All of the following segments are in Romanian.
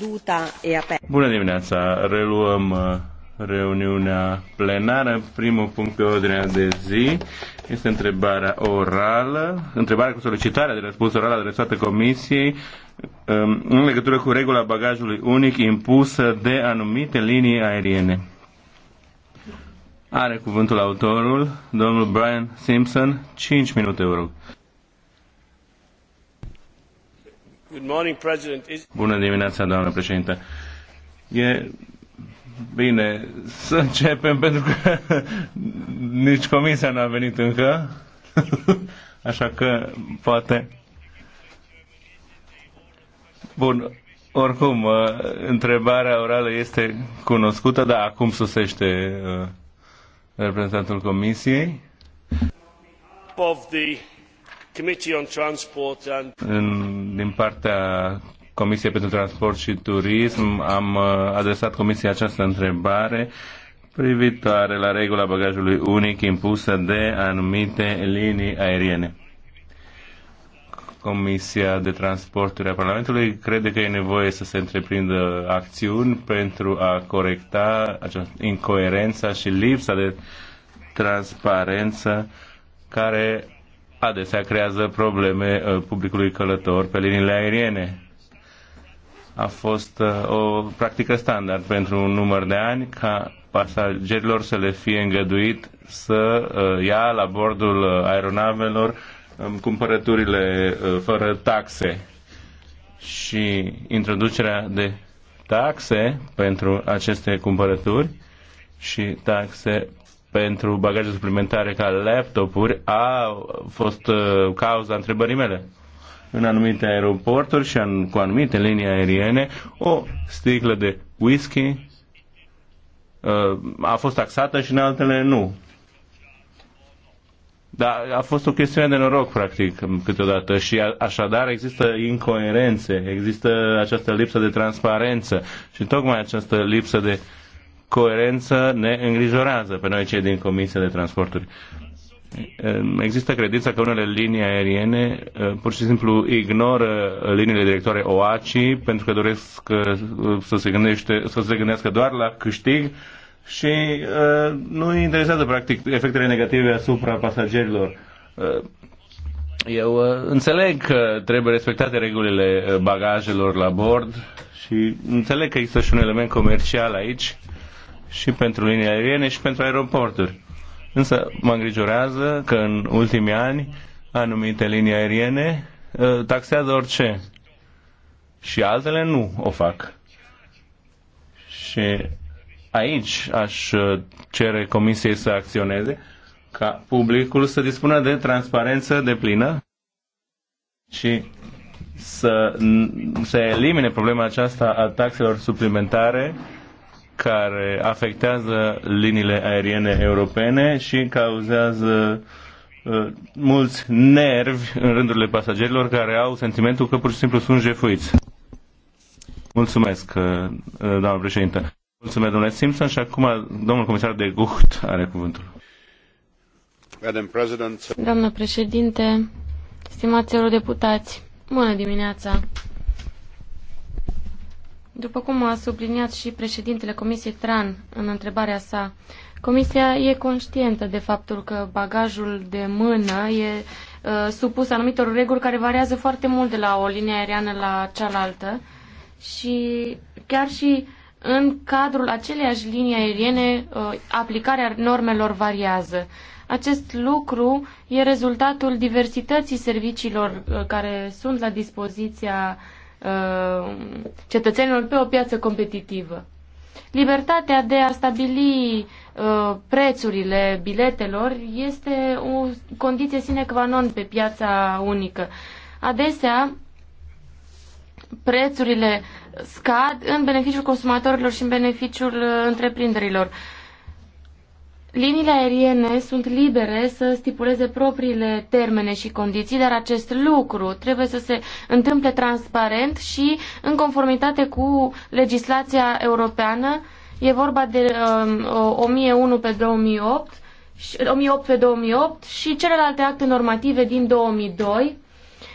Seduta e Bună dimineața! Reluăm uh, reuniunea plenară. Primul punct pe ordinea de zi este întrebarea orală, întrebarea cu solicitarea de răspuns oral adresată Comisiei um, în legătură cu regula bagajului unic impusă de anumite linii aeriene. Are cuvântul autorul, domnul Brian Simpson, 5 minute, vă rog. Bună dimineața, doamnă președinte. E bine să începem pentru că nici comisia n-a venit încă. Așa că poate. Bun, oricum, uh, întrebarea orală este cunoscută, dar acum susește uh, reprezentantul comisiei. Of the din partea Comisiei pentru Transport și Turism am uh, adresat Comisiei această întrebare privitoare la regula bagajului unic impusă de anumite linii aeriene. Comisia de Transporturi a Parlamentului crede că e nevoie să se întreprindă acțiuni pentru a corecta această incoerența și lipsa de transparență care adesea creează probleme uh, publicului călător pe liniile aeriene. A fost uh, o practică standard pentru un număr de ani ca pasagerilor să le fie îngăduit să uh, ia la bordul aeronavelor um, cumpărăturile fără taxe și introducerea de taxe pentru aceste cumpărături și taxe pentru bagaje suplimentare ca laptopuri a fost uh, cauza întrebării mele. În anumite aeroporturi și an, cu anumite linii aeriene, o sticlă de whisky uh, a fost taxată și în altele nu. Dar a fost o chestiune de noroc, practic, câteodată. Și a, așadar există incoerențe, există această lipsă de transparență și tocmai această lipsă de uh, coerență ne îngrijorează pe noi cei din Comisia de Transporturi. Ehm, există credința că unele linii aeriene ehm, pur și simplu ignoră liniile directoare OACI pentru că doresc ehm, să se, gândește, să se gândească doar la câștig și uh, nu interesează practic efectele negative asupra pasagerilor. Uh, eu uh, înțeleg că trebuie respectate regulile bagajelor la bord și înțeleg că există și un element comercial aici și pentru linii aeriene și pentru aeroporturi. Însă mă îngrijorează că în ultimii ani anumite linii aeriene ă, taxează orice și altele nu o fac. Și aici aș ă, cere Comisiei să acționeze ca publicul să dispună de transparență de plină și să se elimine problema aceasta a taxelor suplimentare care afectează liniile aeriene europene și cauzează uh, mulți nervi în rândurile pasagerilor care au sentimentul că pur și simplu sunt jefuiți. Mulțumesc, uh, uh doamnă președintă. Mulțumesc, domnule Simpson, și acum domnul comisar de Gucht are cuvântul. Doamnă președinte, stimați eurodeputați, bună dimineața! După cum a subliniat și președintele Comisiei TRAN în întrebarea sa, Comisia e conștientă de faptul că bagajul de mână e uh, supus anumitor reguli care variază foarte mult de la o linie aeriană la cealaltă și chiar și în cadrul aceleiași linii aeriene uh, aplicarea normelor variază. Acest lucru e rezultatul diversității serviciilor uh, care sunt la dispoziția uh, Uh, cetățenilor pe o piață competitivă. Libertatea de a stabili uh, prețurile biletelor este o condiție sine qua non pe piața unică. Adesea, prețurile scad în beneficiul consumatorilor și în beneficiul uh, întreprinderilor. Uh, Liniile aeriene sunt libere să stipuleze propriile termene și condiții, dar acest lucru trebuie să se întâmple transparent și în conformitate cu legislația europeană. E vorba de um, 1001 pe 2008, 2008 pe 2008 și celelalte acte normative din 2002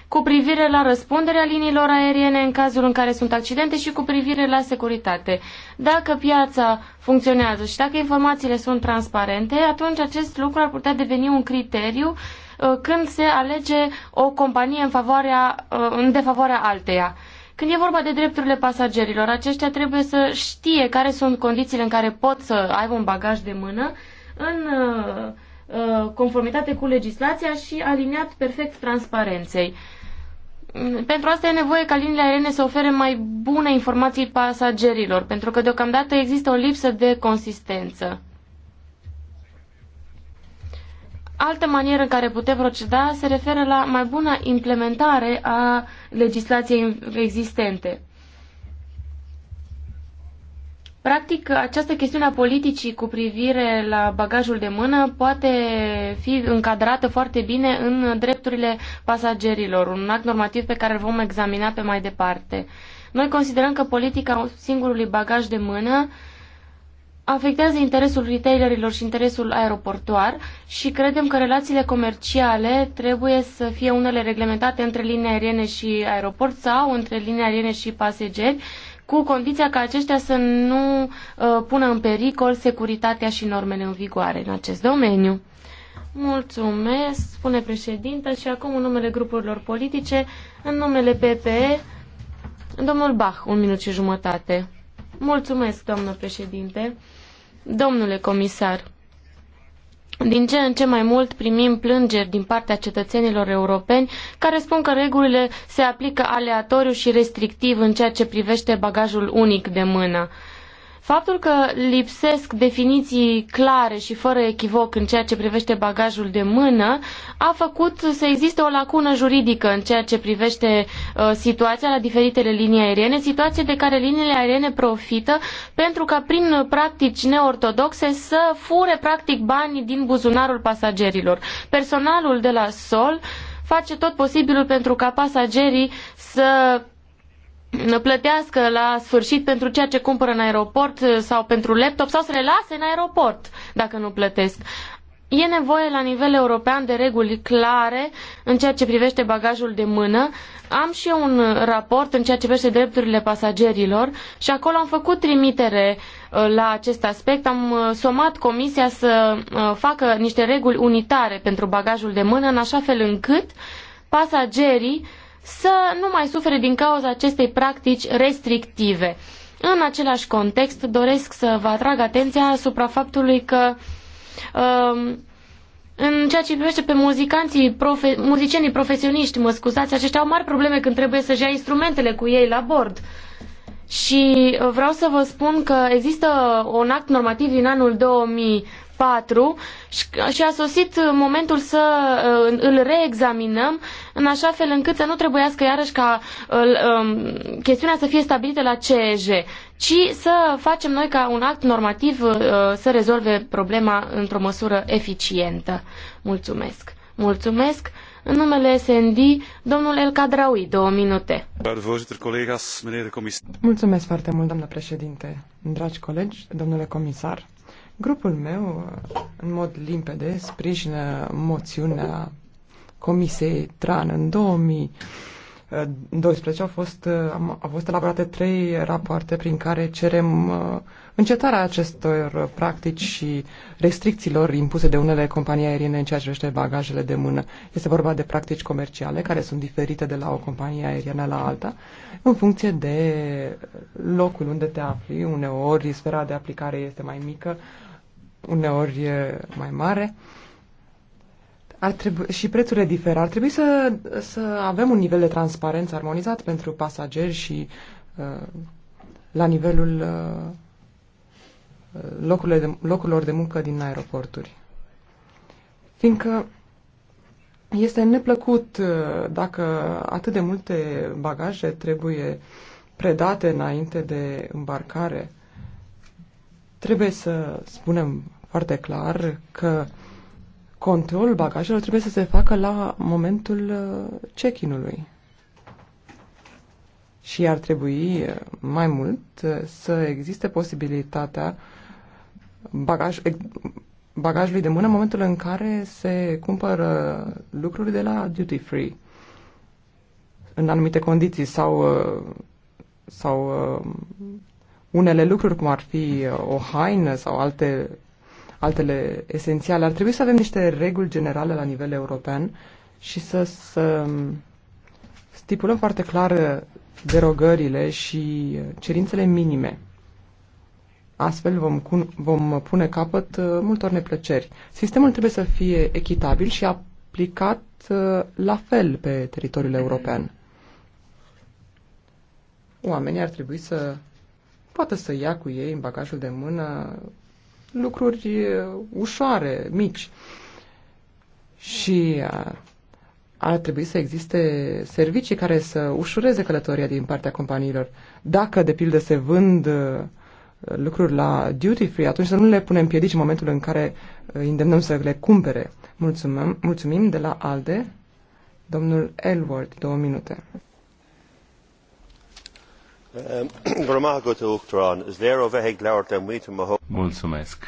cu privire la răspunderea liniilor aeriene în cazul în care sunt accidente și cu privire la securitate. Dacă piața funcționează și dacă informațiile sunt transparente, atunci acest lucru ar putea deveni un criteriu uh, când se alege o companie în, favoarea, uh, în defavoarea alteia. Când e vorba de drepturile pasagerilor, aceștia trebuie să știe care sunt condițiile în care pot să aibă un bagaj de mână în uh, conformitate cu legislația și aliniat perfect transparenței. Pentru asta e nevoie ca liniile aeriene să ofere mai bune informații pasagerilor, pentru că deocamdată există o lipsă de consistență. Altă manieră în care putem proceda se referă la mai bună implementare a legislației existente. Practic, această chestiune a politicii cu privire la bagajul de mână poate fi încadrată foarte bine în drepturile pasagerilor, un act normativ pe care îl vom examina pe mai departe. Noi considerăm că politica singurului bagaj de mână afectează interesul retailerilor și interesul aeroportuar și credem că relațiile comerciale trebuie să fie unele reglementate între linii aeriene și aeroport sau între linii aeriene și pasageri cu condiția ca aceștia să nu uh, pună în pericol securitatea și normele în vigoare în acest domeniu. Mulțumesc, spune președinta și acum în numele grupurilor politice, în numele PPE, domnul Bach, un minut și jumătate. Mulțumesc, domnul președinte. Domnule comisar, din ce în ce mai mult primim plângeri din partea cetățenilor europeni care spun că regulile se aplică aleatoriu și restrictiv în ceea ce privește bagajul unic de mână. Faptul că lipsesc definiții clare și fără echivoc în ceea ce privește bagajul de mână a făcut să existe o lacună juridică în ceea ce privește uh, situația la diferitele linii aeriene, situație de care liniile aeriene profită pentru ca prin practici neortodoxe să fure practic banii din buzunarul pasagerilor. Personalul de la sol face tot posibilul pentru ca pasagerii să plătească la sfârșit pentru ceea ce cumpără în aeroport sau pentru laptop sau să le lase în aeroport dacă nu plătesc. E nevoie la nivel european de reguli clare în ceea ce privește bagajul de mână. Am și eu un raport în ceea ce privește drepturile pasagerilor și acolo am făcut trimitere uh, la acest aspect. Am uh, somat comisia să uh, facă niște reguli unitare pentru bagajul de mână în așa fel încât pasagerii să nu mai sufere din cauza acestei practici restrictive. În același context, doresc să vă atrag atenția asupra faptului că um, în ceea ce privește pe muzicanții, profe, muzicienii profesioniști, mă scuzați, aceștia au mari probleme când trebuie să-și ia instrumentele cu ei la bord. Și vreau să vă spun că există un act normativ din anul 2004 și a sosit momentul să uh, îl reexaminăm în așa fel încât să nu trebuiască iarăși ca um, chestiunea să fie stabilită la CEJ, ci să facem noi ca un act normativ uh, să rezolve problema într-o măsură eficientă. Mulțumesc! Mulțumesc! În numele SND, domnul El Cadraui, două minute. Mulțumesc foarte mult, doamnă președinte, dragi colegi, domnule comisar. Grupul meu, în mod limpede, sprijină moțiunea Comisiei TRAN. În 2012 au fost, au fost elaborate trei rapoarte prin care cerem uh, încetarea acestor practici și restricțiilor impuse de unele companii aeriene în ceea ce privește bagajele de mână. Este vorba de practici comerciale care sunt diferite de la o companie aeriană la alta în funcție de locul unde te afli. Uneori sfera de aplicare este mai mică, uneori mai mare. Uh, ar trebui, și prețurile diferă. Ar trebui să, să avem un nivel de transparență armonizat pentru pasageri și uh, la nivelul uh, locurilor, de, locurilor de muncă din aeroporturi. Fiindcă este neplăcut uh, dacă atât de multe bagaje trebuie predate înainte de îmbarcare. Trebuie să spunem foarte clar că uh, controlul bagajelor trebuie să se facă la momentul uh, check-in-ului. Și ar trebui uh, mai mult uh, să existe posibilitatea bagaj, bagajului de mână în momentul în care se cumpără lucruri de la duty free în anumite condiții sau, sau unele lucruri cum ar fi o haină sau alte altele esențiale. Ar trebui să avem niște reguli generale la nivel european și să, să stipulăm foarte clar derogările și cerințele minime. Astfel vom, vom pune capăt uh, multor neplăceri. Sistemul trebuie să fie echitabil și aplicat uh, la fel pe teritoriul european. Oamenii ar trebui să poată să ia cu ei în bagajul de mână lucruri ușoare, mici. Și ar trebui să existe servicii care să ușureze călătoria din partea companiilor. Dacă, de pildă, se vând lucruri la duty free, atunci să nu le punem piedici în momentul în care îndemnăm să le cumpere. Mulțumim, mulțumim de la ALDE, domnul Elward, două minute. Ehm, Mulțumesc.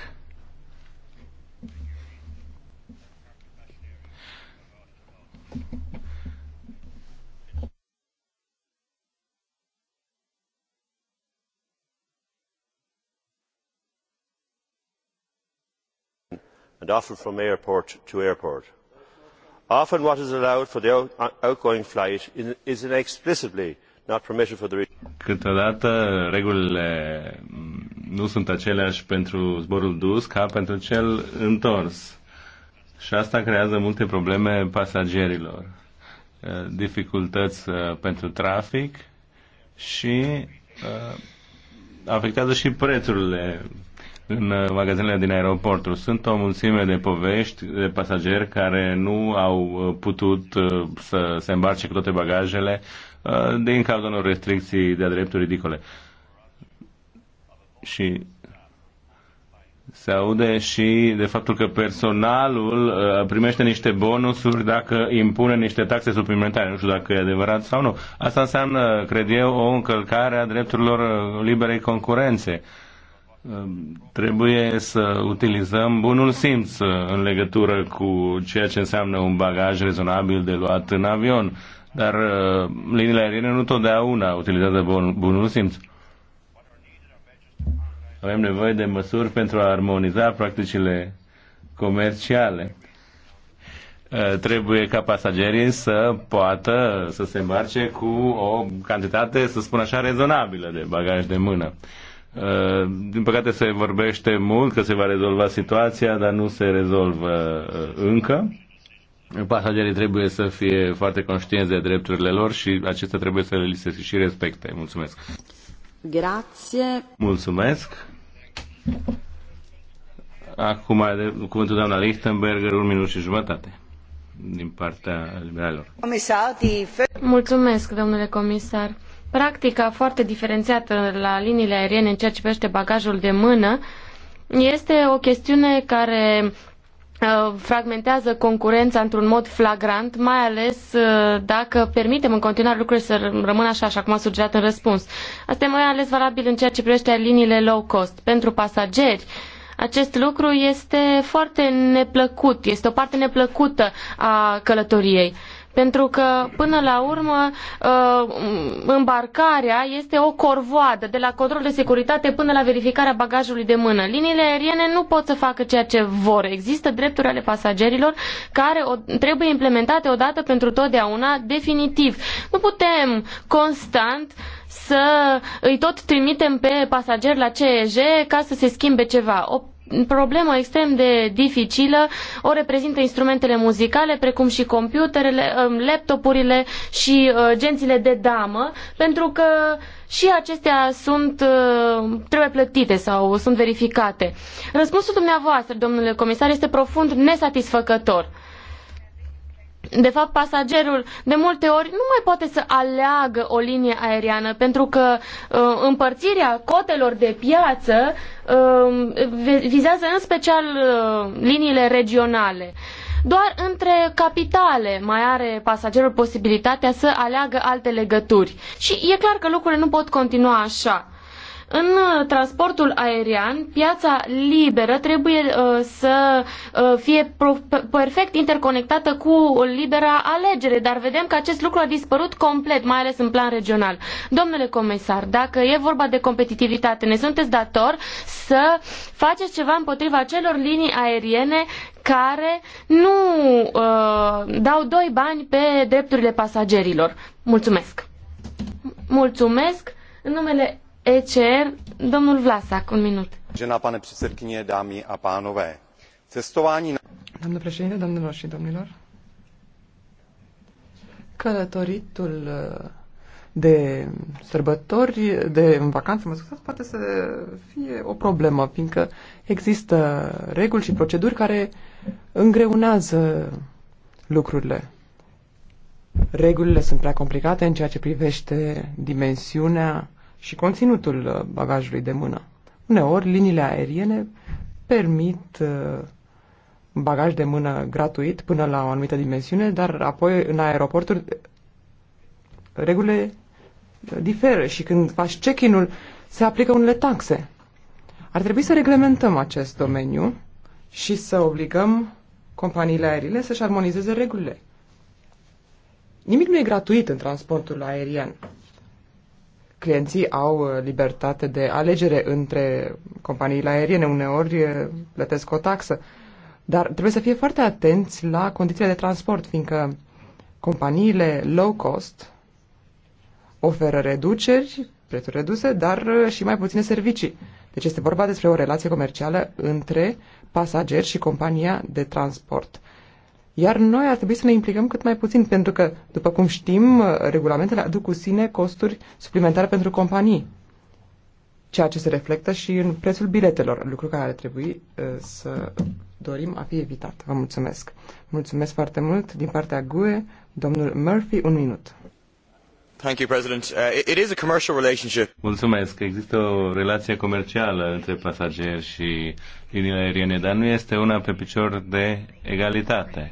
and often from airport to airport. often what is allowed for the outgoing flight is inexplicably Câteodată regulile nu sunt aceleași pentru zborul dus ca pentru cel întors. Și asta creează multe probleme pasagerilor, eh, dificultăți eh, pentru trafic și eh, afectează și prețurile în magazinele din aeroporturi. Sunt o mulțime de povești de pasageri care nu au putut să se îmbarce cu toate bagajele Uh, din cauza unor restricții de-a dreptul ridicole. Și se aude și de faptul că personalul uh, primește niște bonusuri dacă impune niște taxe suplimentare. Nu știu dacă e adevărat sau nu. Asta înseamnă, cred eu, o încălcare a drepturilor uh, liberei concurențe. Trebuie să utilizăm bunul simț în legătură cu ceea ce înseamnă un bagaj rezonabil de luat în avion dar uh, liniile aeriene nu totdeauna utilizează bun, bunul simț. Avem nevoie de măsuri pentru a armoniza practicile comerciale. Uh, trebuie ca pasagerii să poată să se îmbarce cu o cantitate, să spun așa, rezonabilă de bagaj de mână. Uh, din păcate se vorbește mult că se va rezolva situația, dar nu se rezolvă uh, încă Pasagerii trebuie să fie foarte conștienți de drepturile lor și acestea trebuie să le se și respecte. Mulțumesc. Grație. Mulțumesc. Acum cuvântul doamna Lichtenberger, un minut și jumătate din partea liberalilor. Mulțumesc, domnule comisar. Practica foarte diferențiată la liniile aeriene în ceea ce privește bagajul de mână este o chestiune care Uh, fragmentează concurența într-un mod flagrant, mai ales uh, dacă permitem în continuare lucrurile să rămână așa, așa cum a sugerat în răspuns. Asta e mai ales valabil în ceea ce privește liniile low cost. Pentru pasageri, acest lucru este foarte neplăcut, este o parte neplăcută a călătoriei. Pentru că, până la urmă, uh, îmbarcarea este o corvoadă, de la control de securitate până la verificarea bagajului de mână. Liniile aeriene nu pot să facă ceea ce vor. Există drepturi ale pasagerilor care trebuie implementate odată pentru totdeauna, definitiv. Nu putem constant să îi tot trimitem pe pasageri la CEJ ca să se schimbe ceva. O problemă extrem de dificilă o reprezintă instrumentele muzicale, precum și computerele, um, laptopurile și uh, gențile de damă, pentru că și acestea sunt, uh, trebuie plătite sau sunt verificate. Răspunsul dumneavoastră, domnule comisar, este profund nesatisfăcător de fapt, pasagerul de multe ori nu mai poate să aleagă o linie aeriană pentru că uh, împărțirea cotelor de piață uh, vizează în special uh, liniile regionale. Doar între capitale mai are pasagerul posibilitatea să aleagă alte legături. Și e clar că lucrurile nu pot continua așa. În uh, transportul aerian, piața liberă trebuie uh, să uh, fie perfect interconectată cu libera alegere, dar vedem că acest lucru a dispărut complet, mai ales în plan regional. Domnule comisar, dacă e vorba de competitivitate, ne sunteți dator să faceți ceva împotriva celor linii aeriene care nu uh, dau doi bani pe drepturile pasagerilor. Mulțumesc! Mulțumesc! În numele ECR, domnul Vlasac, un minut. Žena, pane předsedkyně, dámy a pánové. Cestování... Domnul președinte, domnilor și domnilor, călătoritul uh, de sărbători, de în vacanță, mă scuzați, poate să fie o problemă, fiindcă există reguli și proceduri care îngreunează lucrurile. Regulile sunt prea complicate în ceea ce privește dimensiunea și conținutul uh, bagajului de mână. Uneori, liniile aeriene permit uh, bagaj de mână gratuit până la o anumită dimensiune, dar apoi în aeroporturi regulile uh, diferă și când faci check-in-ul se aplică unele taxe. Ar trebui să reglementăm acest domeniu și să obligăm companiile aeriene să-și armonizeze regulile. Nimic nu e gratuit în transportul aerian clienții au uh, libertate de alegere între companiile aeriene. Uneori uh, plătesc o taxă. Dar trebuie să fie foarte atenți la condițiile de transport, fiindcă companiile low cost oferă reduceri, prețuri reduse, dar uh, și mai puține servicii. Deci este vorba despre o relație comercială între pasageri și compania de transport. Iar noi ar trebui să ne implicăm cât mai puțin, pentru că, după cum știm, regulamentele aduc cu sine costuri suplimentare pentru companii, ceea ce se reflectă și în prețul biletelor, lucru care ar trebui uh, să dorim a fi evitat. Vă mulțumesc. Mulțumesc foarte mult. Din partea GUE, domnul Murphy, un minut. Thank you, President. Uh, it is a commercial relationship. Mulțumesc. Există o relație comercială între pasageri și liniile aeriene, dar nu este una pe picior de egalitate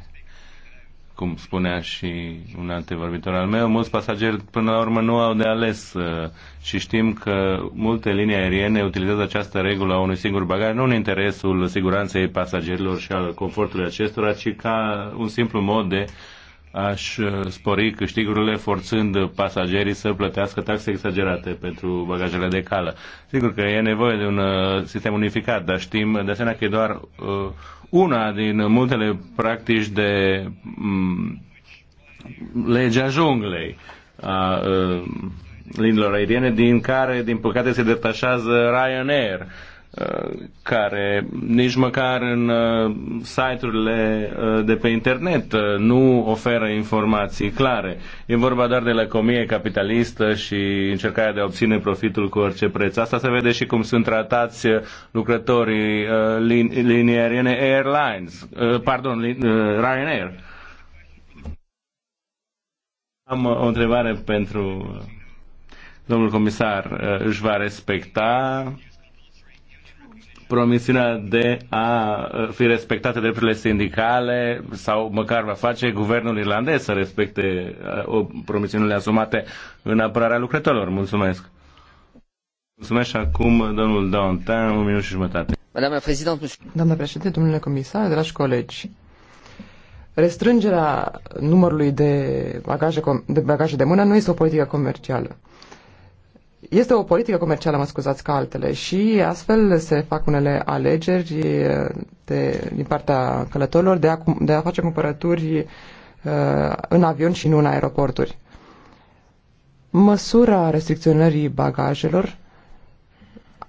cum spunea și un antevorbitor al meu, mulți pasageri până la urmă nu au de ales uh, și știm că multe linii aeriene utilizează această regulă a unui singur bagaj, nu în interesul siguranței pasagerilor și al confortului acestora, ci ca un simplu mod de aș uh, spori câștigurile forțând pasagerii să plătească taxe exagerate pentru bagajele de cală. Sigur că e nevoie de un uh, sistem unificat, dar știm de asemenea că e doar uh, una din multele practici de mm, legea junglei a linilor aeriene din care, din păcate, se detașează Ryanair care nici măcar în uh, site-urile uh, de pe internet uh, nu oferă informații clare. E vorba doar de lăcomie capitalistă și încercarea de a obține profitul cu orice preț. Asta se vede și cum sunt tratați lucrătorii linii aeriene Airlines, pardon, Ryanair. Am o întrebare pentru domnul comisar. Își va respecta promisiunea de a uh, fi respectate drepturile sindicale sau măcar va face guvernul irlandez să respecte uh, promisiunile asumate în apărarea lucrătorilor. Mulțumesc! Mulțumesc și acum domnul Dantin, un minut și jumătate. Doamna președinte, domnule comisar, dragi colegi, restrângerea numărului de bagaje, de bagaje de mână nu este o politică comercială. Este o politică comercială, mă scuzați, ca altele și astfel se fac unele alegeri de, din partea călătorilor de a, de a face cumpărături în avion și nu în aeroporturi. Măsura restricționării bagajelor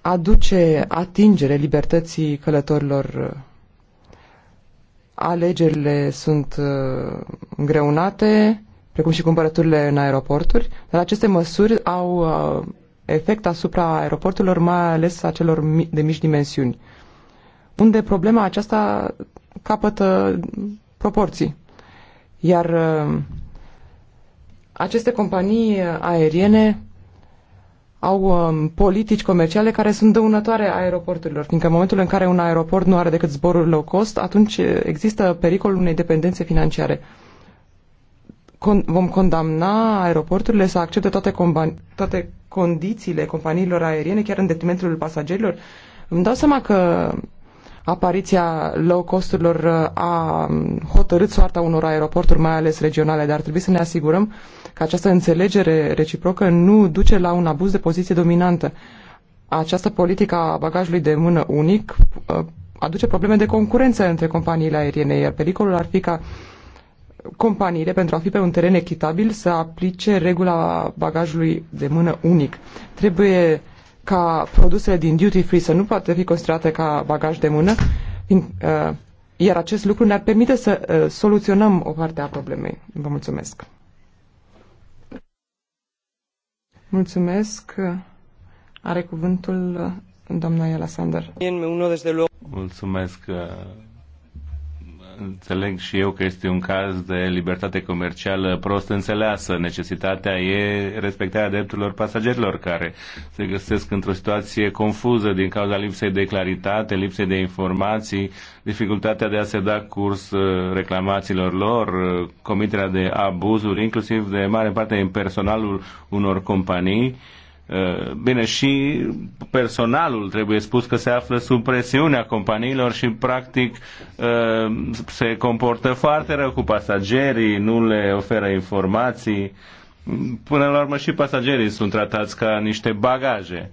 aduce atingere libertății călătorilor. Alegerile sunt îngreunate, precum și cumpărăturile în aeroporturi, dar aceste măsuri au efect asupra aeroporturilor, mai ales a celor de mici dimensiuni, unde problema aceasta capătă proporții. Iar uh, aceste companii aeriene au um, politici comerciale care sunt dăunătoare aeroporturilor, fiindcă în momentul în care un aeroport nu are decât zboruri low cost, atunci există pericolul unei dependențe financiare con- vom condamna aeroporturile să accepte toate, toate condițiile companiilor aeriene, chiar în detrimentul pasagerilor. Îmi dau seama că apariția low costurilor uh, a um, hotărât soarta unor aeroporturi, mai ales regionale, dar trebuie să ne asigurăm că această înțelegere reciprocă nu duce la un abuz de poziție dominantă. Această politică a bagajului de mână unic uh, aduce probleme de concurență între companiile aeriene, iar pericolul ar fi ca companiile, pentru a fi pe un teren echitabil, să aplice regula bagajului de mână unic. Trebuie ca produsele din duty free să nu poată fi considerate ca bagaj de mână, fiind, uh, iar acest lucru ne-ar permite să uh, soluționăm o parte a problemei. Vă mulțumesc. Mulțumesc. Are cuvântul doamna Alexander. Mulțumesc uh, Înțeleg și eu că este un caz de libertate comercială prost înțeleasă. Necesitatea e respectarea drepturilor pasagerilor care se găsesc într-o situație confuză din cauza lipsei de claritate, lipsei de informații, dificultatea de a se da curs uh, reclamațiilor lor, uh, comiterea de abuzuri, inclusiv de mare parte în personalul unor companii Eh, bine, și personalul trebuie spus că se află sub presiunea companiilor și practic eh, se comportă foarte rău cu pasagerii, nu le oferă informații. Până la urmă și pasagerii sunt tratați ca niște bagaje.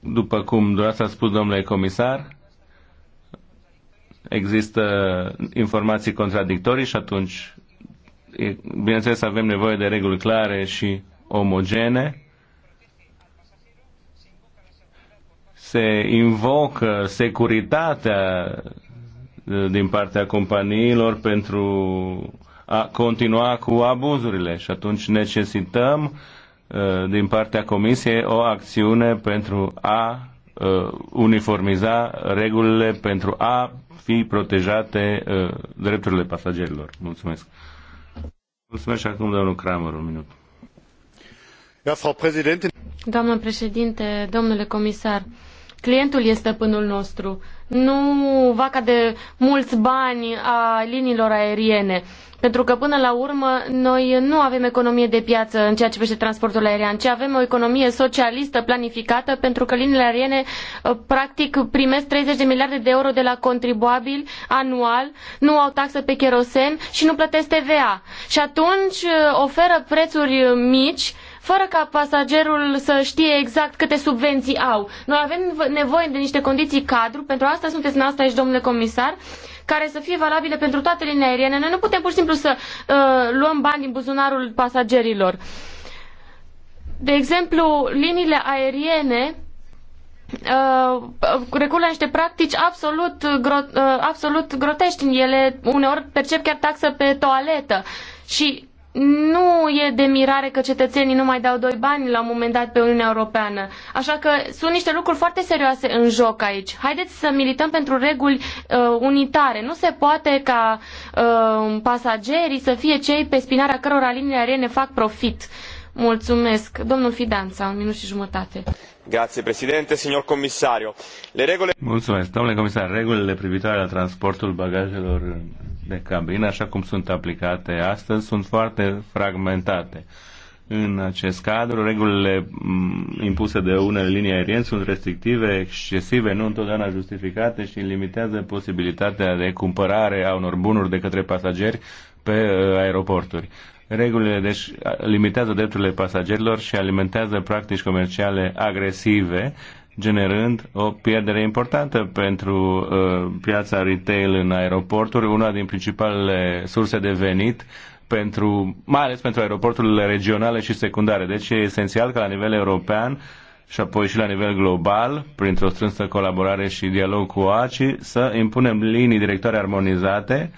După cum doar s-a spus domnule comisar, există informații contradictorii și atunci bineînțeles, avem nevoie de reguli clare și omogene. Se invocă securitatea din partea companiilor pentru a continua cu abuzurile și atunci necesităm din partea Comisiei o acțiune pentru a uniformiza regulile pentru a fi protejate drepturile pasagerilor. Mulțumesc! Doamnă președinte, domnule comisar, clientul este stăpânul nostru, nu vaca de mulți bani a liniilor aeriene. Pentru că, până la urmă, noi nu avem economie de piață în ceea ce privește transportul aerian, ci avem o economie socialistă planificată, pentru că liniile aeriene, ă, practic, primesc 30 de miliarde de euro de la contribuabil anual, nu au taxă pe cherosen și nu plătesc TVA. Și atunci ă, oferă prețuri mici fără ca pasagerul să știe exact câte subvenții au. Noi avem nevoie de niște condiții cadru, pentru asta sunteți în asta aici, domnule comisar, care să fie valabile pentru toate liniile aeriene. Noi nu putem pur și simplu să uh, luăm bani din buzunarul pasagerilor. De exemplu, liniile aeriene uh, recurg la niște practici absolut, gro uh, absolut grotești. Ele uneori percep chiar taxă pe toaletă. Și nu e de mirare că cetățenii nu mai dau doi bani la un moment dat pe Uniunea Europeană. Așa că sunt niște lucruri foarte serioase în joc aici. Haideți să milităm pentru reguli uh, unitare. Nu se poate ca uh, pasagerii să fie cei pe spinarea cărora liniile aeriene fac profit. Mulțumesc. Domnul Fidanța, un minut și jumătate. Grazie Presidente, signor Commissario. Le regole... Mulțumesc, domnule comisar. Regulile privitoare la transportul bagajelor de cabină, așa cum sunt aplicate astăzi, sunt foarte fragmentate. În acest cadru, regulile mm, impuse de unele linii aeriene sunt restrictive, excesive, nu întotdeauna justificate și limitează posibilitatea de cumpărare a unor bunuri de către pasageri pe uh, aeroporturi. Regulile deci limitează drepturile pasagerilor și alimentează practici comerciale agresive, generând o pierdere importantă pentru uh, piața retail în aeroporturi, una din principalele surse de venit pentru, mai ales pentru aeroporturile regionale și secundare. Deci e esențial ca la nivel european și apoi și la nivel global, printr-o strânsă colaborare și dialog cu ACI, să impunem linii directoare armonizate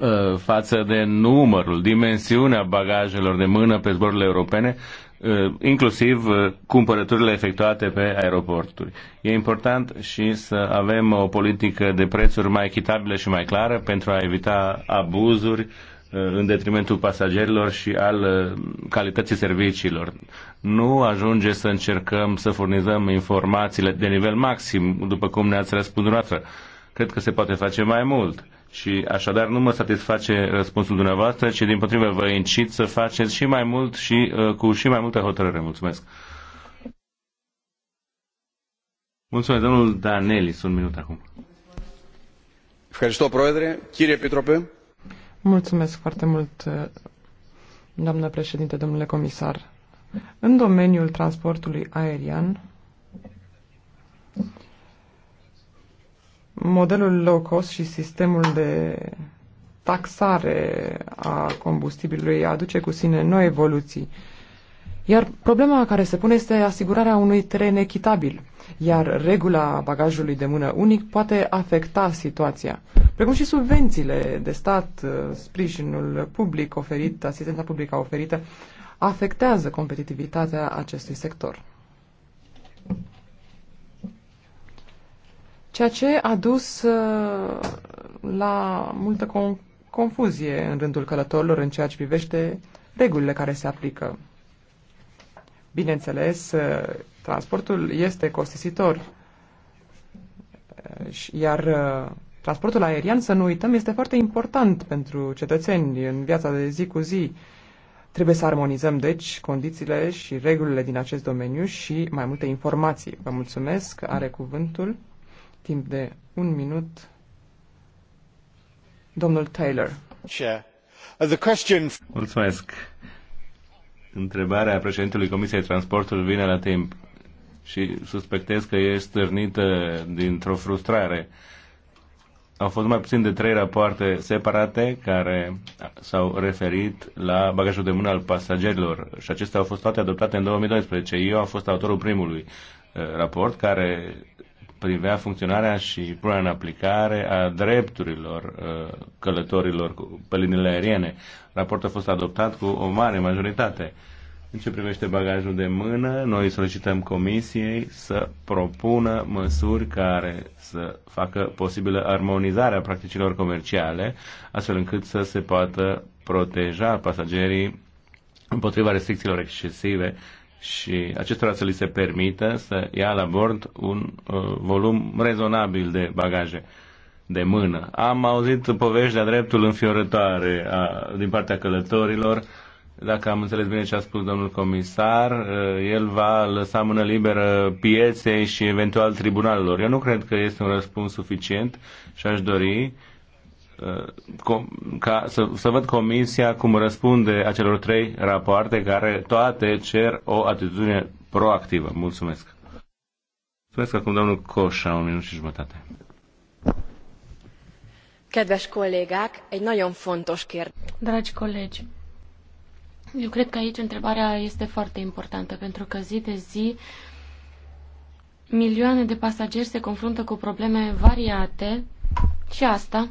Uh, față de numărul, dimensiunea bagajelor de mână pe zborurile europene, uh, inclusiv uh, cumpărăturile efectuate pe aeroporturi. E important și să avem o politică de prețuri mai echitabilă și mai clară pentru a evita abuzuri în detrimentul pasagerilor și al calității serviciilor. Nu ajunge să încercăm să furnizăm informațiile de nivel maxim, după cum ne-ați răspuns dumneavoastră. Cred că se poate face mai mult și așadar nu mă satisface răspunsul dumneavoastră, ci din potrivă vă incit să faceți și mai mult și uh, cu și mai multă hotărâre. Mulțumesc! Mulțumesc, domnul Daneli, sunt minut acum. Mulțumesc foarte mult, uh, doamnă președinte, domnule comisar. În domeniul transportului aerian, modelul low cost și sistemul de taxare a combustibilului aduce cu sine noi evoluții. Iar problema care se pune este asigurarea unui tren echitabil, iar regula bagajului de mână unic poate afecta situația, precum și subvențiile de stat, uh, sprijinul public oferit, asistența publică oferită, afectează competitivitatea acestui sector. ceea ce a dus uh, la multă confuzie în rândul călătorilor în ceea ce privește regulile care se aplică. Bineînțeles, uh, transportul este costisitor, uh, iar transportul aerian, să nu uităm, este foarte important pentru cetățeni în viața de zi cu zi. Trebuie să armonizăm, deci, condițiile și regulile din acest domeniu și mai multe informații. Vă mulțumesc. Are cuvântul timp de un minut, domnul Taylor. Uh, Mulțumesc. Întrebarea președintelui Comisiei Transportului vine la timp și suspectez că e stârnită dintr-o frustrare. Au fost mai puțin de trei rapoarte separate care s-au referit la bagajul de mână al pasagerilor și acestea au fost toate adoptate în 2012. Eu am fost autorul primului uh, raport care privea funcționarea și punerea în aplicare a drepturilor uh, călătorilor pe liniile aeriene. Raportul a fost adoptat cu o mare majoritate. În ce privește bagajul de mână, noi solicităm comisiei să propună măsuri care să facă posibilă armonizarea practicilor comerciale, astfel încât să se poată proteja pasagerii împotriva restricțiilor excesive și acestora să li se permită să ia la bord un uh, volum rezonabil de bagaje de mână. Am auzit povești de-a dreptul înfiorătoare a, din partea călătorilor. Dacă am înțeles bine ce a spus domnul comisar, uh, el va lăsa mână liberă pieței și eventual tribunalelor. Eu nu cred că este un răspuns suficient și aș dori uh, Uh, ca să, să văd comisia cum răspunde acelor trei rapoarte care toate cer o atitudine proactivă. Mulțumesc. Mulțumesc acum domnul Coșa, un minut și jumătate. Kedves kollégák, egy nagyon fontos kérdés. Dragi colegi, eu cred că aici întrebarea este foarte importantă, pentru că zi de zi milioane de pasageri se confruntă cu probleme variate și asta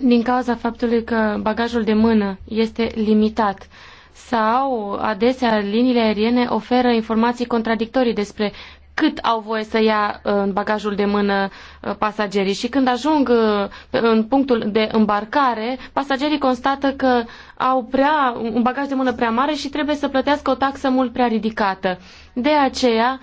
din cauza faptului că bagajul de mână este limitat sau adesea liniile aeriene oferă informații contradictorii despre cât au voie să ia uh, în bagajul de mână uh, pasagerii și când ajung uh, în punctul de îmbarcare, pasagerii constată că au prea, un bagaj de mână prea mare și trebuie să plătească o taxă mult prea ridicată. De aceea,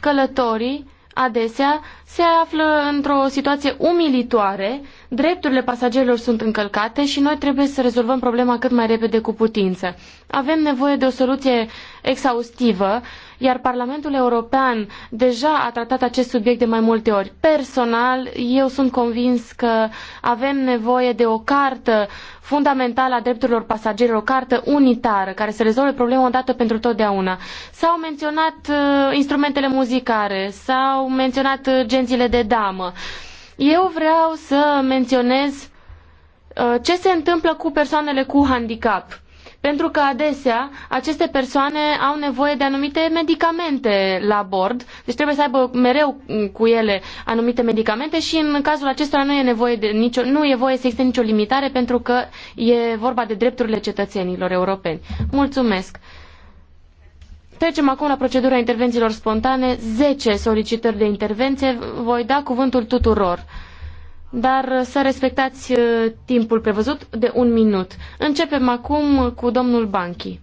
călătorii adesea se află într-o situație umilitoare, drepturile pasagerilor sunt încălcate și noi trebuie să rezolvăm problema cât mai repede cu putință. Avem nevoie de o soluție exhaustivă, iar Parlamentul European deja a tratat acest subiect de mai multe ori. Personal, eu sunt convins că avem nevoie de o cartă fundamentală a drepturilor pasagerilor, o cartă unitară care să rezolve problema odată pentru totdeauna. S-au menționat uh, instrumentele muzicare, s-au menționat uh, licențiile de damă. Eu vreau să menționez uh, ce se întâmplă cu persoanele cu handicap. Pentru că adesea aceste persoane au nevoie de anumite medicamente la bord, deci trebuie să aibă mereu cu ele anumite medicamente și în cazul acestora nu e, nevoie de nicio, nu e voie să existe nicio limitare pentru că e vorba de drepturile cetățenilor europeni. Mulțumesc! Trecem acum la procedura intervențiilor spontane. 10 solicitări de intervenție. Voi da cuvântul tuturor. Dar să respectați uh, timpul prevăzut de un minut. Începem acum cu domnul Banchi.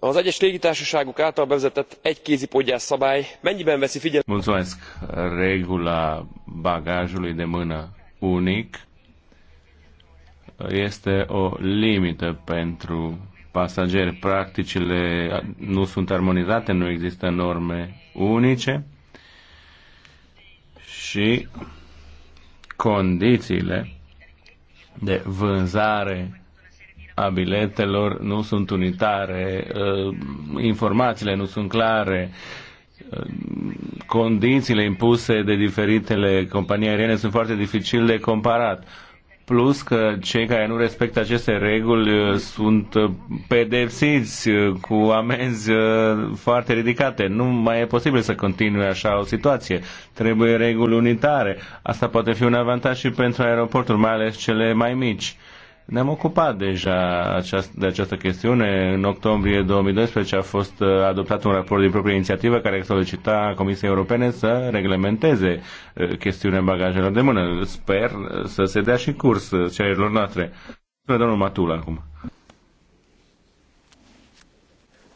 Az egyes légitársaságok által bevezetett egykézi podgyász szabály mennyiben veszi figyelembe? Mulțumesc. Regula bagajului de mână unic este o limită pentru pasageri. Practicile nu sunt armonizate, nu există norme unice și condițiile de vânzare a biletelor nu sunt unitare, uh, informațiile nu sunt clare, uh, condițiile impuse de diferitele companii aeriene sunt foarte dificil de comparat plus că cei care nu respectă aceste reguli uh, sunt uh, pedepsiți uh, cu amenzi foarte ridicate. Nu mai e posibil să continue așa o situație. Trebuie reguli unitare. Asta poate fi un avantaj și pentru aeroporturi, mai ales cele mai mici. Ne-am ocupat deja aceast- de această chestiune. În octombrie 2012 a fost uh, adoptat un raport din proprie inițiativă care solicita Comisiei Europene să reglementeze uh, chestiunea bagajelor de mână. Sper uh, să se dea și curs cererilor noastre. Domnul Matul acum.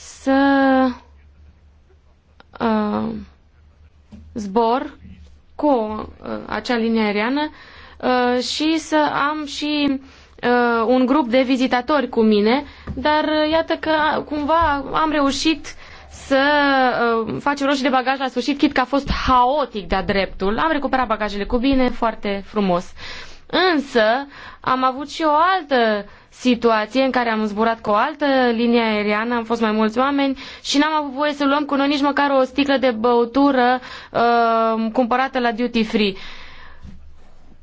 să uh, zbor cu uh, acea linie aeriană uh, și să am și uh, un grup de vizitatori cu mine, dar uh, iată că cumva am reușit să uh, facem roșii de bagaj la sfârșit, chit că a fost haotic de-a dreptul. Am recuperat bagajele cu bine, foarte frumos. Însă am avut și o altă situație în care am zburat cu o altă linie aeriană, am fost mai mulți oameni și n-am avut voie să luăm cu noi nici măcar o sticlă de băutură uh, cumpărată la duty free.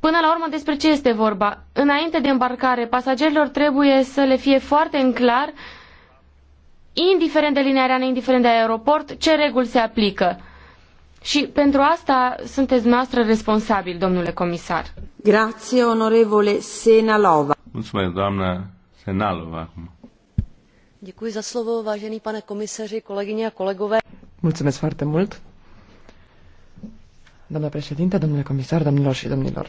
Până la urmă, despre ce este vorba? Înainte de îmbarcare, pasagerilor trebuie să le fie foarte în clar, indiferent de linia aeriană, indiferent de aeroport, ce reguli se aplică. Și pentru asta sunteți noastră responsabil, domnule comisar. Grazie, onorevole Senalova. Mulțumesc, doamna Senalova, acum. Děkuji za slovo, vážený pane komisaři, kolegyně a kolegové. Mulțumesc foarte mult. Doamna președinte, domnule comisar, domnilor și domnilor.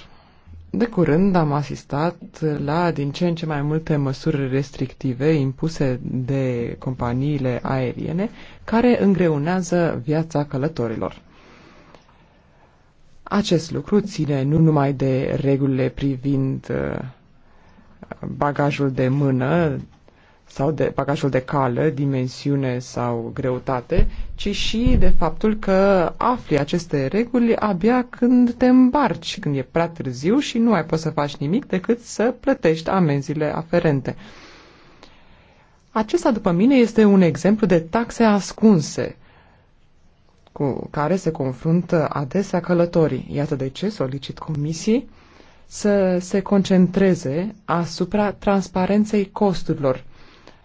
De curând am asistat la din ce în ce mai multe măsuri restrictive impuse de companiile aeriene care îngreunează viața călătorilor. Acest lucru ține nu numai de regulile privind uh, bagajul de mână sau de bagajul de cală, dimensiune sau greutate, ci și de faptul că afli aceste reguli abia când te îmbarci, când e prea târziu și nu ai poți să faci nimic decât să plătești amenziile aferente. Acesta, după mine, este un exemplu de taxe ascunse cu care se confruntă adesea călătorii. Iată de ce solicit comisii să se concentreze asupra transparenței costurilor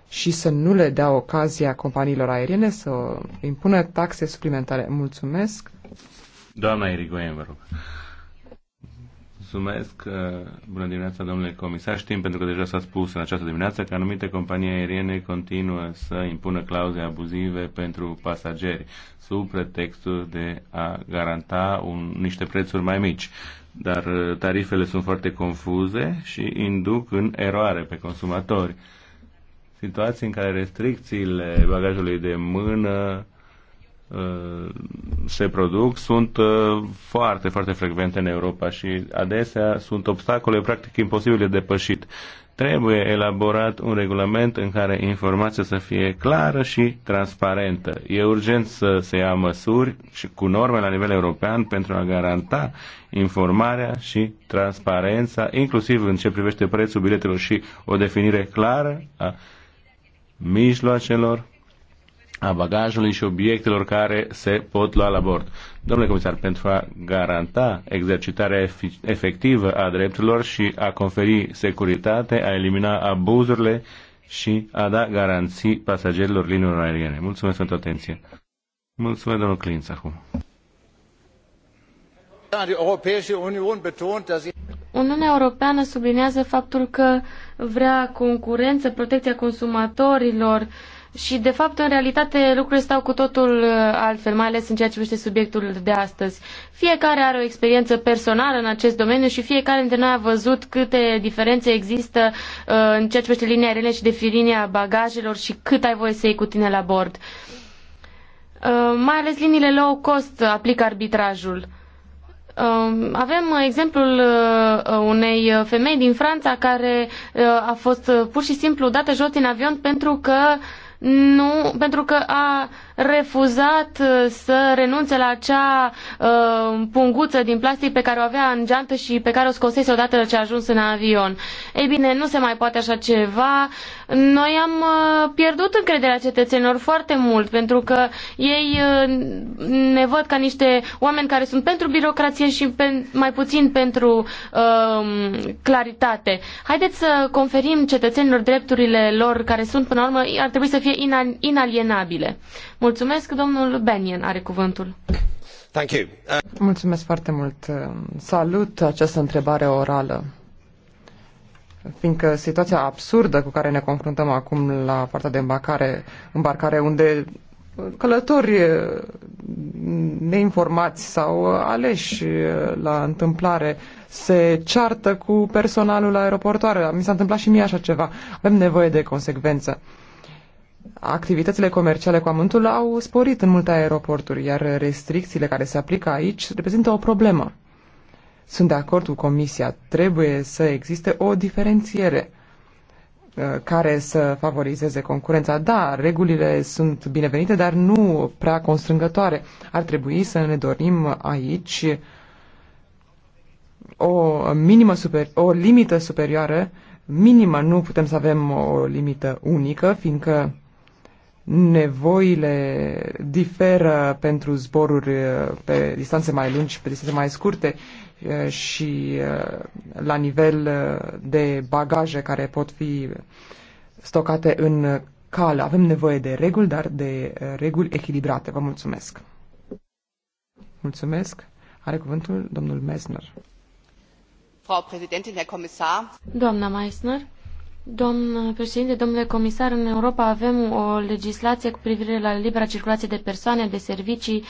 și să nu le dea ocazia companiilor aeriene să impună taxe suplimentare. Mulțumesc! Doamna Irigoyen, vă rog. Mulțumesc. Uh, bună dimineața, domnule comisar. Știm, pentru că deja s-a spus în această dimineață, că anumite companii aeriene continuă să impună clauze abuzive pentru pasageri, sub pretextul de a garanta un, niște prețuri mai mici dar uh, tarifele sunt foarte confuze și induc în eroare pe consumatori. Situații în care restricțiile bagajului de mână uh, se produc sunt uh, foarte, foarte frecvente în Europa și adesea sunt obstacole practic imposibile de depășit. Trebuie elaborat un regulament în care informația să fie clară și transparentă. E urgent să se ia măsuri și cu norme la nivel european pentru a garanta informarea și transparența, inclusiv în ce privește prețul biletelor și o definire clară a mijloacelor a bagajului și obiectelor care se pot lua la bord. Domnule comisar, pentru a garanta exercitarea efectivă a drepturilor și a conferi securitate, a elimina abuzurile și a da garanții pasagerilor liniilor aeriene. Mulțumesc pentru atenție. Mulțumesc, domnul Clinț, acum. Uniunea Europeană subliniază faptul că vrea concurență, protecția consumatorilor, și, de fapt, în realitate, lucrurile stau cu totul uh, altfel, mai ales în ceea ce privește subiectul de astăzi. Fiecare are o experiență personală în acest domeniu și fiecare dintre noi a văzut câte diferențe există uh, în ceea ce privește linia aeriene și definirea bagajelor și cât ai voie să iei cu tine la bord. Uh, mai ales liniile low cost aplică arbitrajul. Um, avem exemplul uh, unei femei din Franța care uh, a fost pur și simplu dată jos din avion pentru că nu, pentru că a refuzat uh, să renunțe la acea uh, punguță din plastic pe care o avea în geantă și pe care o scosese odată ce a ajuns în avion. Ei bine, nu se mai poate așa ceva. Noi am uh, pierdut încrederea cetățenilor foarte mult pentru că ei uh, ne văd ca niște oameni care sunt pentru birocrație și pe, mai puțin pentru uh, claritate. Haideți să conferim cetățenilor drepturile lor care sunt până la urmă ar trebui să fie inalienabile. Mulțumesc, domnul Benien are cuvântul. Thank you. Uh... Mulțumesc foarte mult. Salut această întrebare orală fiindcă situația absurdă cu care ne confruntăm acum la partea de îmbarcare, îmbarcare unde călători neinformați sau aleși la întâmplare se ceartă cu personalul aeroportoare. Mi s-a întâmplat și mie așa ceva. Avem nevoie de consecvență activitățile comerciale cu amântul au sporit în multe aeroporturi, iar restricțiile care se aplică aici reprezintă o problemă. Sunt de acord cu Comisia, trebuie să existe o diferențiere uh, care să favorizeze concurența. Da, regulile sunt binevenite, dar nu prea constrângătoare. Ar trebui să ne dorim aici o, minimă super, o limită superioară minimă, nu putem să avem o limită unică, fiindcă nevoile diferă pentru zboruri uh, pe distanțe mai lungi și pe distanțe mai scurte uh, și uh, la nivel de bagaje care pot fi stocate în cal. Avem nevoie de reguli, dar de reguli echilibrate. Vă mulțumesc. Mulțumesc. Are cuvântul domnul Mesner. Frau Präsidentin, Herr Kommissar. Doamna Meissner, Domnule președinte, domnule comisar, în Europa avem o legislație cu privire la libera circulație de persoane, de servicii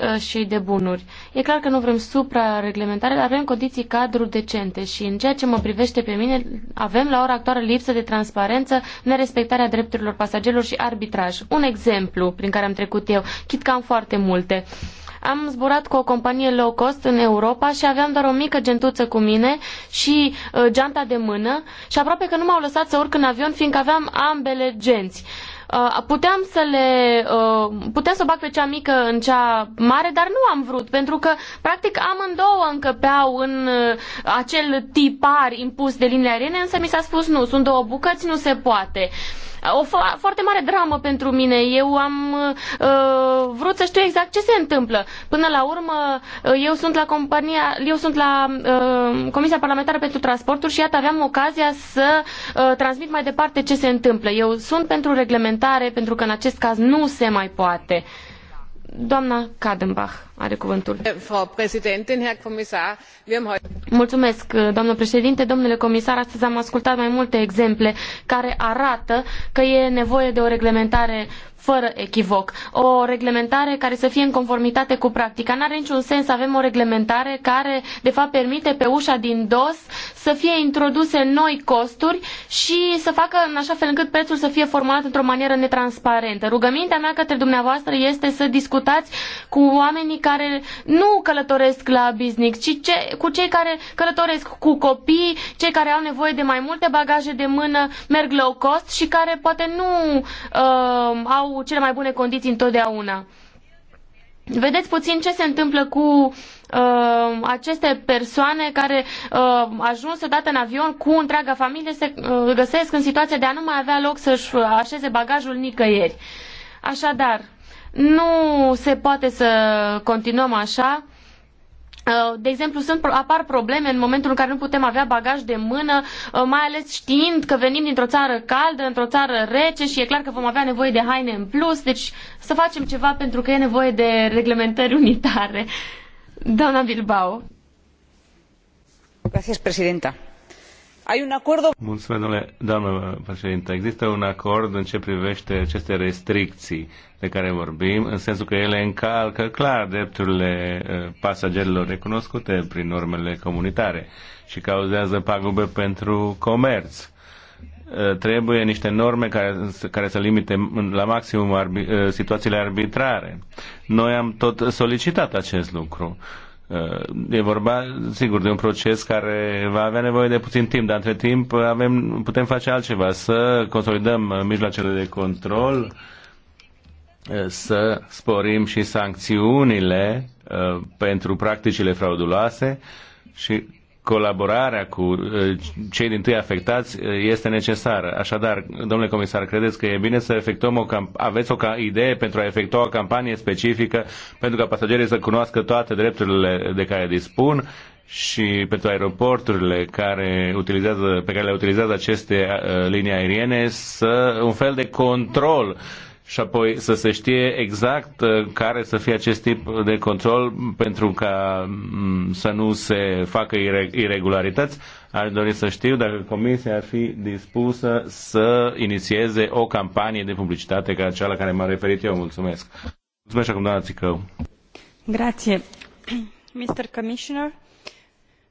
ă, și de bunuri. E clar că nu vrem supra-reglementare, dar avem condiții cadru decente și în ceea ce mă privește pe mine, avem la ora actuală lipsă de transparență, nerespectarea drepturilor pasagerilor și arbitraj. Un exemplu prin care am trecut eu, chit că am foarte multe. Uh, am zburat cu o companie low cost în Europa și aveam doar o mică gentuță cu mine și uh, geanta de mână și aproape că nu m-au lăsat să urc în avion fiindcă aveam ambele genți. Uh, puteam să le uh, puteam să o bag pe cea mică în cea mare, dar nu am vrut, pentru că practic amândouă încăpeau în uh, acel tipar impus de linia aeriene, însă mi s-a spus nu, sunt două bucăți, nu se poate. Uh, o fo- foarte mare dramă pentru mine. Eu am uh, vrut să știu exact ce se întâmplă. Până la urmă, uh, eu sunt la compania, eu sunt la uh, Comisia Parlamentară pentru Transporturi și iată aveam ocazia să uh, transmit mai departe ce se întâmplă. Eu sunt pentru reglementare, pentru că în acest caz nu se mai poate. Doamna Kadenbach. Mulțumesc, doamnă președinte, domnule comisar. Astăzi am ascultat mai multe exemple care arată că e nevoie de o reglementare fără echivoc. O reglementare care să fie în conformitate cu practica. N-are niciun sens să avem o reglementare care, de fapt, permite pe ușa din dos să fie introduse noi costuri și să facă în așa fel încât prețul să fie formulat într-o manieră netransparentă. Rugămintea mea către dumneavoastră este să discutați cu oamenii care care nu călătoresc la business, ci ce, cu cei care călătoresc cu copii, cei care au nevoie de mai multe bagaje de mână, merg low cost și care poate nu uh, au cele mai bune condiții întotdeauna. Vedeți puțin ce se întâmplă cu uh, aceste persoane care uh, ajuns odată în avion cu întreaga familie se uh, găsesc în situația de a nu mai avea loc să-și așeze bagajul nicăieri. Așadar, nu se poate să continuăm așa. Uh, de exemplu, sunt, apar probleme în momentul în care nu putem avea bagaj de mână, uh, mai ales știind că venim dintr-o țară caldă, într-o țară rece și e clar că vom avea nevoie de haine în plus, deci să facem ceva pentru că e nevoie de reglementări unitare. Doamna Bilbao. Gracias, presidenta. Ai un acord... Mulțumesc, domnule, doamnă președinte. Există un acord în ce privește aceste restricții de care vorbim, în sensul că ele încalcă clar drepturile eh, pasagerilor recunoscute prin normele comunitare și cauzează pagube pentru comerț eh, trebuie niște norme care, care să limite la maximum arbi, eh, situațiile arbitrare. Noi am tot solicitat acest lucru. Uh, e vorba, sigur, de un proces care va avea nevoie de puțin timp, dar între timp avem, putem face altceva, să consolidăm mijloacele de control, uh, să sporim și sancțiunile uh, pentru practicile frauduloase și colaborarea cu uh, cei din tâi afectați uh, este necesară. Așadar, domnule comisar, credeți că e bine să efectuăm o aveți o ca idee pentru a efectua o campanie specifică pentru ca pasagerii să cunoască toate drepturile de care dispun și pentru aeroporturile care utilizează, pe care le utilizează aceste uh, linii aeriene să un fel de control uh, și apoi să se știe exact uh, care să fie acest tip de control pentru ca mm, să nu se facă irregularități. Aș dori să știu dacă Comisia ar fi dispusă să inițieze o campanie de publicitate ca cea la care m-am referit eu. Mulțumesc. Mulțumesc acum, doamna Țicău. Grație. Mr. Commissioner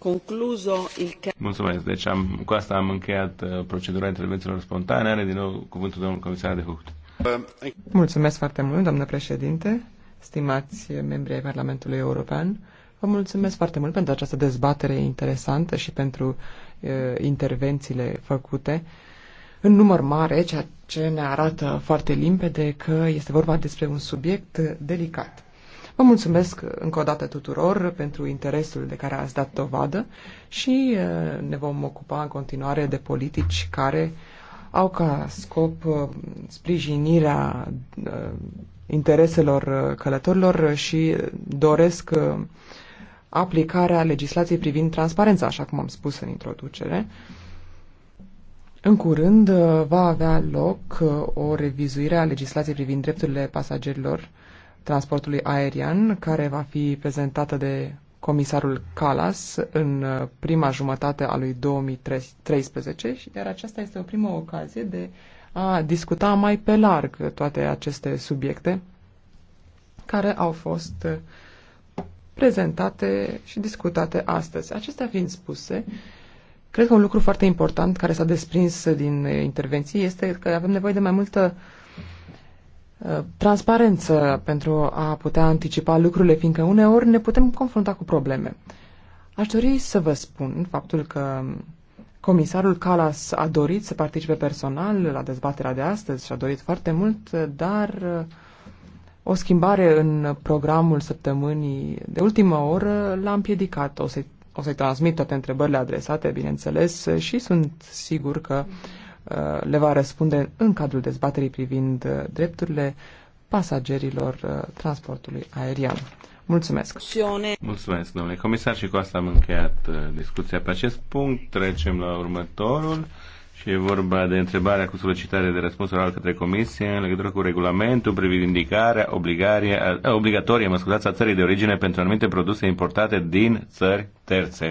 concluzo il Mulțumesc. Deci am, cu asta am încheiat uh, procedura intervențiilor spontane. Are din nou cuvântul domnul comisar de Hucht. Mulțumesc foarte mult, doamnă președinte, stimați membri ai Parlamentului European. Vă mulțumesc foarte mult pentru această dezbatere interesantă și pentru uh, intervențiile făcute în număr mare, ceea ce ne arată foarte limpede că este vorba despre un subiect delicat. Vă mulțumesc încă o dată tuturor pentru interesul de care ați dat dovadă și eh, ne vom ocupa în continuare de politici care au ca scop eh, sprijinirea eh, intereselor călătorilor și doresc aplicarea legislației privind transparența, așa cum am spus în introducere. În curând va avea loc o revizuire a legislației privind drepturile pasagerilor transportului aerian, care va fi prezentată de comisarul Calas în uh, prima jumătate a lui 2013, iar aceasta este o primă ocazie de a discuta mai pe larg toate aceste subiecte care au fost uh, prezentate și discutate astăzi. Acestea fiind spuse, cred că un lucru foarte important care s-a desprins din intervenții este că avem nevoie de mai multă uh, transparență pentru a putea anticipa lucrurile, fiindcă uneori ne putem confrunta cu probleme. Aș dori să vă spun faptul că comisarul Calas a dorit să participe personal la dezbaterea de astăzi și a dorit foarte mult, dar uh, o schimbare în programul săptămânii de ultimă oră l-a împiedicat. O să-i o să transmit toate întrebările adresate, bineînțeles, și sunt sigur că Uh, le va răspunde în cadrul dezbaterii privind uh, drepturile pasagerilor uh, transportului aerian. Mulțumesc! Mulțumesc, domnule comisar, și cu asta am încheiat discuția pe acest punct. Trecem la următorul. Și e vorba de întrebarea cu solicitare de răspuns oral către Comisie în legătură cu regulamentul privind indicarea obligatorie, mă scuzați, a țării de origine pentru anumite produse importate din țări terțe.